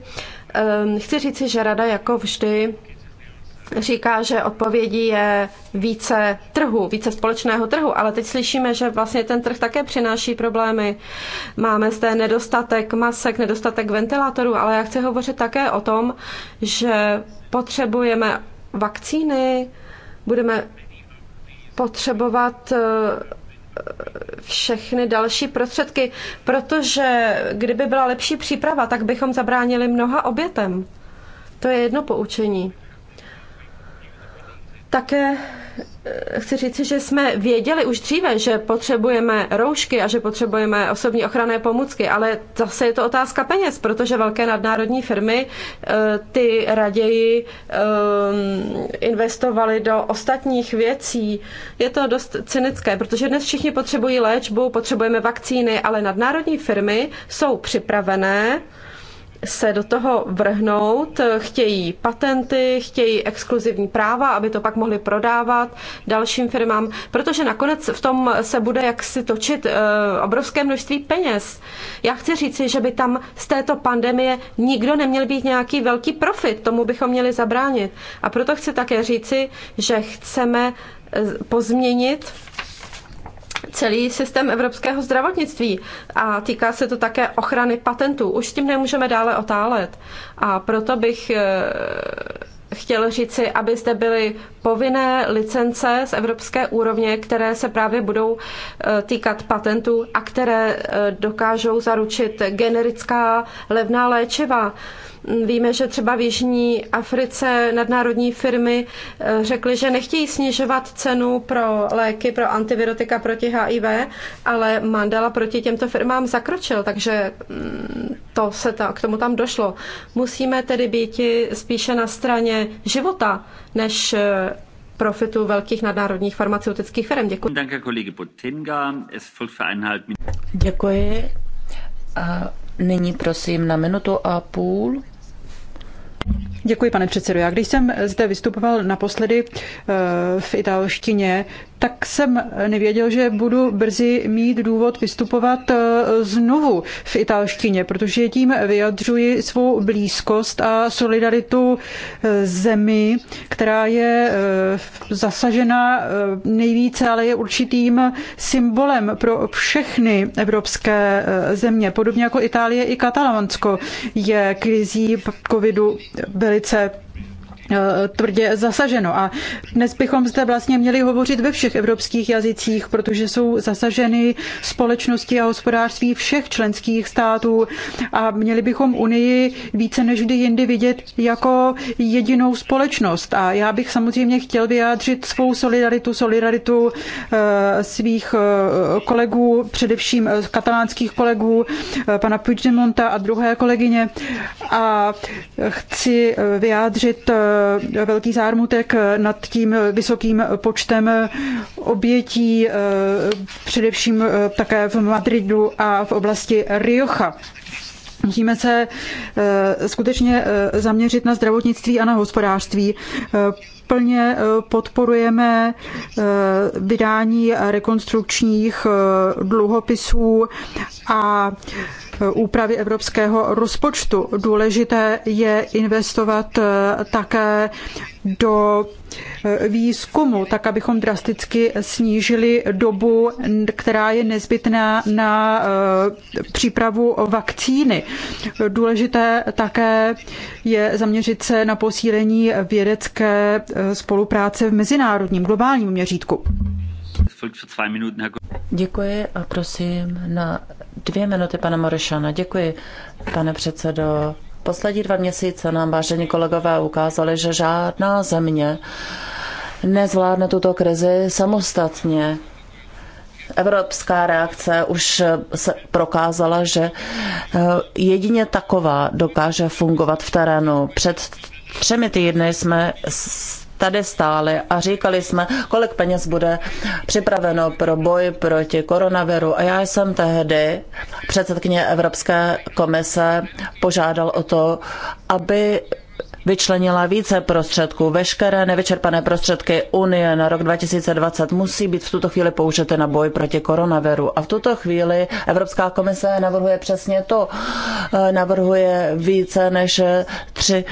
Ehm, chci říci, že rada jako vždy říká, že odpovědí je více trhu, více společného trhu, ale teď slyšíme, že vlastně ten trh také přináší problémy. Máme zde nedostatek masek, nedostatek ventilátorů, ale já chci hovořit také o tom, že potřebujeme vakcíny, budeme potřebovat všechny další prostředky, protože kdyby byla lepší příprava, tak bychom zabránili mnoha obětem. To je jedno poučení. Také chci říct, že jsme věděli už dříve, že potřebujeme roušky a že potřebujeme osobní ochranné pomůcky, ale zase je to otázka peněz, protože velké nadnárodní firmy eh, ty raději eh, investovaly do ostatních věcí. Je to dost cynické, protože dnes všichni potřebují léčbu, potřebujeme vakcíny, ale nadnárodní firmy jsou připravené se do toho vrhnout, chtějí patenty, chtějí exkluzivní práva, aby to pak mohli prodávat dalším firmám, protože nakonec v tom se bude jaksi točit eh, obrovské množství peněz. Já chci říci, že by tam z této pandemie nikdo neměl být nějaký velký profit, tomu bychom měli zabránit. A proto chci také říci, že chceme eh, pozměnit celý systém evropského zdravotnictví a týká se to také ochrany patentů. Už s tím nemůžeme dále otálet. A proto bych eh, chtěl říci, aby zde byly povinné licence z evropské úrovně, které se právě budou eh, týkat patentů a které eh, dokážou zaručit generická levná léčiva. Víme, že třeba v Jižní Africe nadnárodní firmy eh, řekly, že nechtějí snižovat cenu pro léky, pro antivirotika proti HIV, ale Mandela proti těmto firmám zakročil, takže mm, to se ta, k tomu tam došlo. Musíme tedy být spíše na straně života, než eh, profitu velkých nadnárodních farmaceutických firm. Děkuji. Děkuji. A nyní prosím na minutu a půl Děkuji, pane předsedo. Já když jsem zde vystupoval naposledy eh, v italštině, tak jsem nevěděl, že budu brzy mít důvod vystupovat eh, znovu v italštině, protože tím vyjadřuji svou blízkost a solidaritu eh, zemi, která je eh, zasažena nejvíce, ale je určitým symbolem pro všechny evropské země. Podobně jako Itálie i Katalánsko je krizí covidu velice Eh, tvrdě zasaženo. A dnes bychom zde vlastně měli hovořit ve všech evropských jazycích, protože jsou zasaženy společnosti a hospodářství všech členských států a měli bychom Unii více než vždy jindy vidět jako jedinou společnost. A já bych samozřejmě chtěl vyjádřit svou solidaritu, solidaritu eh, svých eh, kolegů, především katalánských kolegů, pana Puigdemonta a druhé kolegyně. A chci vyjádřit Eh, velký zármutek nad tím vysokým počtem obětí, eh, především eh, také v Madridu a v oblasti Rioja. Musíme se skutečně zaměřit na zdravotnictví a na hospodářství. Plně podporujeme vydání rekonstrukčních dluhopisů a úpravy evropského rozpočtu. Důležité je investovat eh, také do eh, výzkumu, tak abychom drasticky snížili dobu, která je nezbytná na eh, přípravu vakcíny. Důležité také je zaměřit se na posílení vědecké spolupráce v mezinárodním globálním měřítku. Děkuji a prosím na dvě minuty pana Morešana. Děkuji, pane předsedo. Poslední dva měsíce nám, vážení kolegové, ukázali, že žádná země nezvládne tuto krizi samostatně. Evropská reakce už se prokázala, že eh, jedině taková dokáže fungovat v terénu. Před třemi týdny jsme tady stáli a říkali jsme, kolik peněz bude připraveno pro boj proti koronaviru. A já jsem tehdy předsedkyně Evropské komise požádal o to, aby vyčlenila více prostředků. Veškeré nevyčerpané prostředky Unie na rok 2020 musí být v tuto chvíli použity na boj proti koronaviru. A v tuto chvíli Evropská komise navrhuje přesně to. Navrhuje více než 3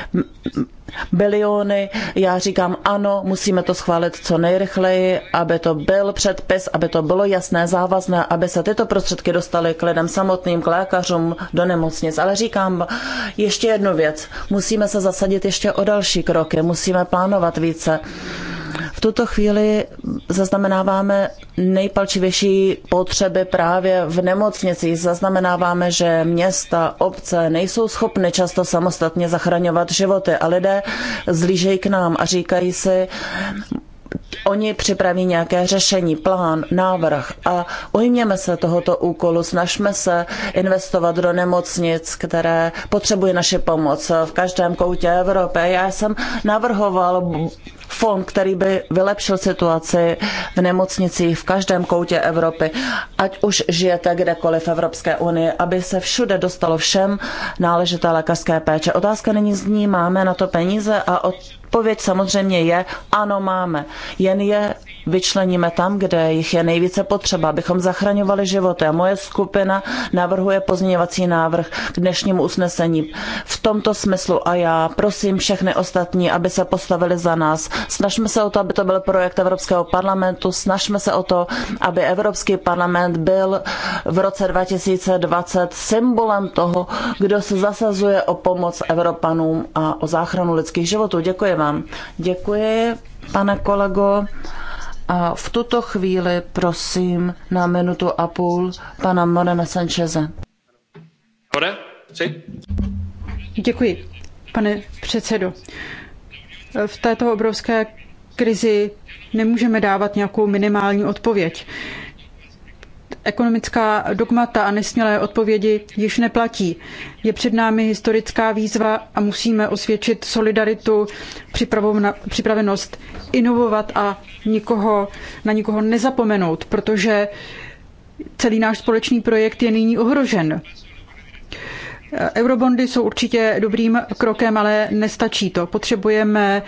biliony. Já říkám ano, musíme to schválit co nejrychleji, aby to byl předpis, aby to bylo jasné, závazné, aby se tyto prostředky dostaly k lidem samotným, k lékařům, do nemocnic. Ale říkám ještě jednu věc. Musíme se zasadit ještě o další kroky, musíme plánovat více v tuto chvíli zaznamenáváme nejpalčivější potřeby právě v nemocnicích. Zaznamenáváme, že města, obce nejsou schopny často samostatně zachraňovat životy a lidé zlížejí k nám a říkají si, Oni připraví nějaké řešení, plán, návrh a ujměme se tohoto úkolu, snažme se investovat do nemocnic, které potřebují naši pomoc v každém koutě Evropy. Já jsem navrhoval fond, který by vylepšil situaci v nemocnicích v každém koutě Evropy, ať už žijete kdekoliv v Evropské unii, aby se všude dostalo všem náležité lékařské péče. Otázka není zní, máme na to peníze a od Odpověď samozřejmě je, ano máme. Jen je vyčleníme tam, kde jich je nejvíce potřeba, abychom zachraňovali životy. A moje skupina navrhuje pozměňovací návrh k dnešnímu usnesení v tomto smyslu a já prosím všechny ostatní, aby se postavili za nás. Snažme se o to, aby to byl projekt Evropského parlamentu, snažme se o to, aby Evropský parlament byl v roce 2020 symbolem toho, kdo se zasazuje o pomoc Evropanům a o záchranu lidských životů. Děkuji vám. Děkuji, pane kolego. A v tuto chvíli prosím na minutu a půl pana Morena Sancheze. Děkuji, pane předsedo. V této obrovské krizi nemůžeme dávat nějakou minimální odpověď ekonomická dogmata a nesmělé odpovědi již neplatí. Je před námi historická výzva a musíme osvědčit solidaritu, připravenost inovovat a nikoho, na nikoho nezapomenout, protože celý náš společný projekt je nyní ohrožen. Eurobondy jsou určitě dobrým krokem, ale nestačí to. Potřebujeme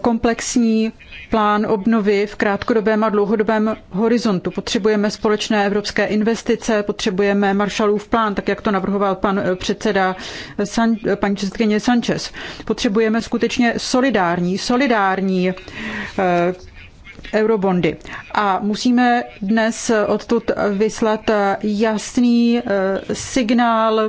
komplexní plán obnovy v krátkodobém a dlouhodobém horizontu. Potřebujeme společné evropské investice, potřebujeme Marshallův plán, tak jak to navrhoval pan předseda, San, paní předsedkyně Sanchez. Potřebujeme skutečně solidární, solidární eh, eurobondy. A musíme dnes odtud vyslat jasný eh, signál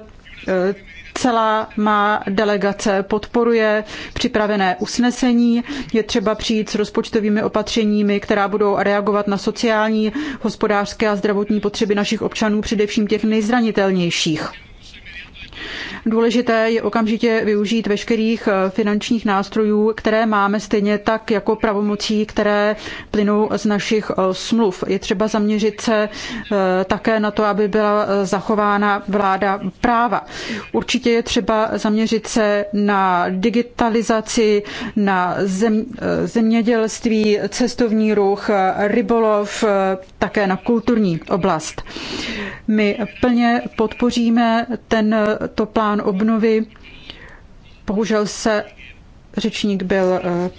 eh, Celá má delegace podporuje připravené usnesení. Je třeba přijít s rozpočtovými opatřeními, která budou reagovat na sociální, hospodářské a zdravotní potřeby našich občanů, především těch nejzranitelnějších. Důležité je okamžitě využít veškerých eh, finančních nástrojů, které máme stejně tak jako pravomocí, které plynou z našich eh, smluv. Je třeba zaměřit se eh, také na to, aby byla zachována vláda práva. Určitě je třeba zaměřit se na digitalizaci, na zem, zemědělství, cestovní ruch, rybolov, také na kulturní oblast. My plně podpoříme ten to plán obnovy. Bohužel se řečník byl eh,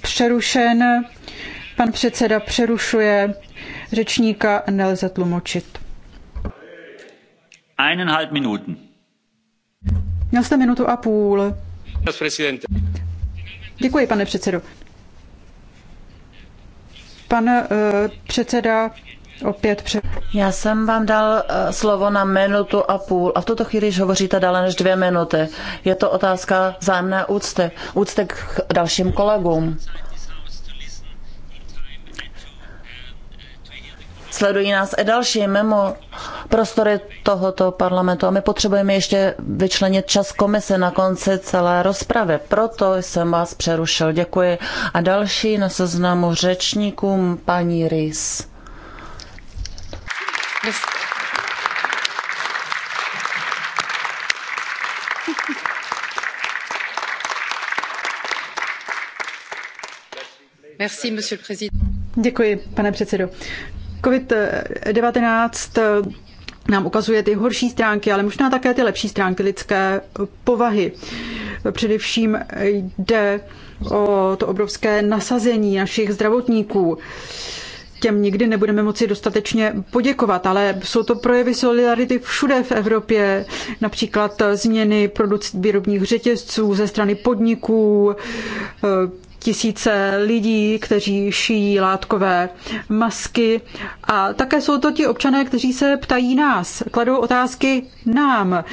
přerušen. Pan předseda přerušuje řečníka, nelze tlumočit. Eineinhalb Minuten. Měl jste minutu a půl. Děkuji, pane předsedo. Pan eh, předseda Opět Já jsem vám dal eh, slovo na minutu a půl a v tuto chvíli již hovoříte dále než dvě minuty. Je to otázka zájemné úcty, úcty k dalším kolegům. Sledují nás i další mimo prostory tohoto parlamentu a my potřebujeme ještě vyčlenit čas komise na konci celé rozpravy. Proto jsem vás přerušil. Děkuji. A další na seznamu řečníkům paní Rys. Des... Merci, Děkuji, pane předsedo. COVID-19 eh, nám ukazuje ty horší stránky, ale možná také ty lepší stránky lidské povahy. Především jde o to obrovské nasazení našich zdravotníků. Uh, těm nikdy nebudeme moci dostatečně poděkovat, ale jsou to projevy solidarity všude v Evropě, například změny produkt výrobních řetězců ze strany podniků, eh, tisíce lidí, kteří šijí látkové masky. A také jsou to ti občané, kteří se ptají nás, kladou otázky nám.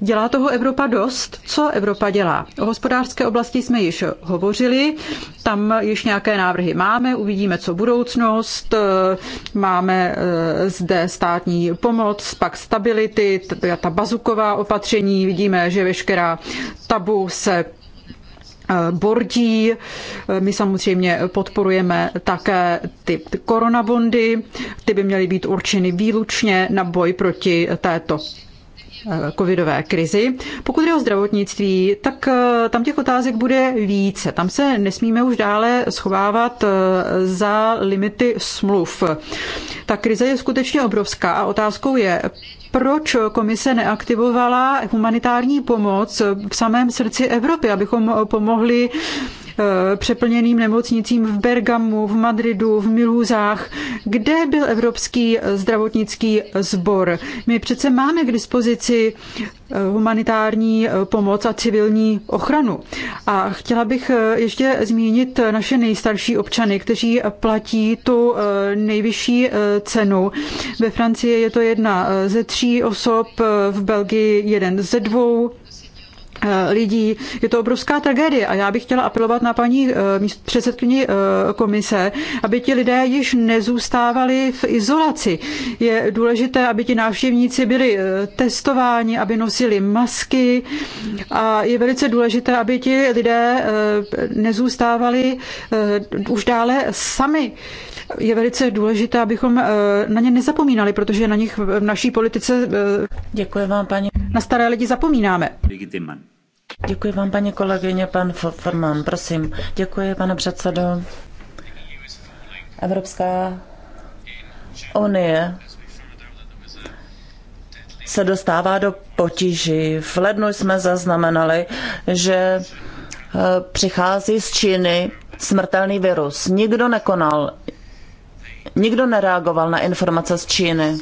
Dělá toho Evropa dost? Co Evropa dělá? O hospodářské oblasti jsme již hovořili, tam již nějaké návrhy máme, uvidíme, co budoucnost. Máme eh, zde státní pomoc, pak stability, ta bazuková opatření, vidíme, že veškerá tabu se Eh, bordí. Eh, my samozřejmě podporujeme také ty koronabondy. Ty by měly být určeny výlučně na boj proti této eh, covidové krizi. Pokud jde o zdravotnictví, tak tam těch otázek bude více. Tam se nesmíme už dále schovávat za limity smluv. Ta krize je skutečně obrovská a otázkou je, proč komise neaktivovala humanitární pomoc v samém srdci Evropy, abychom pomohli Eh, přeplněným nemocnicím v Bergamu, v Madridu, v Milúzách. Kde byl Evropský zdravotnický sbor? My přece máme k dispozici eh, humanitární eh, pomoc a civilní ochranu. A chtěla bych ještě zmínit naše nejstarší občany, kteří platí tu nejvyšší cenu. Ve Francii je to jedna ze tří osob, v Belgii jeden ze dvou, Eh, lidí. Je to obrovská tragédie a já bych chtěla apelovat na paní eh, předsedkyni eh, komise, aby ti lidé již nezůstávali v izolaci. Je důležité, aby ti návštěvníci byli testováni, aby nosili masky a je velice důležité, aby ti lidé nezůstávali už dále sami. Je velice důležité, abychom na ně nezapomínali, protože na nich v naší politice Děkuji vám, paní. Na staré lidi zapomínáme. Digitiman. Děkuji vám, paní kolegyně, pan Forman, prosím. Děkuji, pane předsedo. Evropská unie se dostává do potíží. V lednu jsme zaznamenali, že eh, přichází z Číny smrtelný virus. Nikdo nekonal, nikdo nereagoval na informace z Číny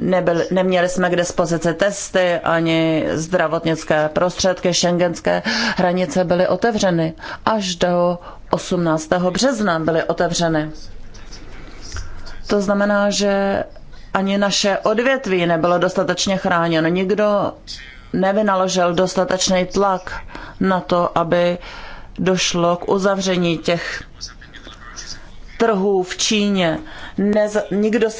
nebyl, neměli jsme k dispozici testy ani zdravotnické prostředky, šengenské hranice byly otevřeny. Až do 18. března byly otevřeny. To znamená, že ani naše odvětví nebylo dostatečně chráněno. Nikdo nevynaložil dostatečný tlak na to, aby došlo k uzavření těch trhů v Číně. Nez, nikdo se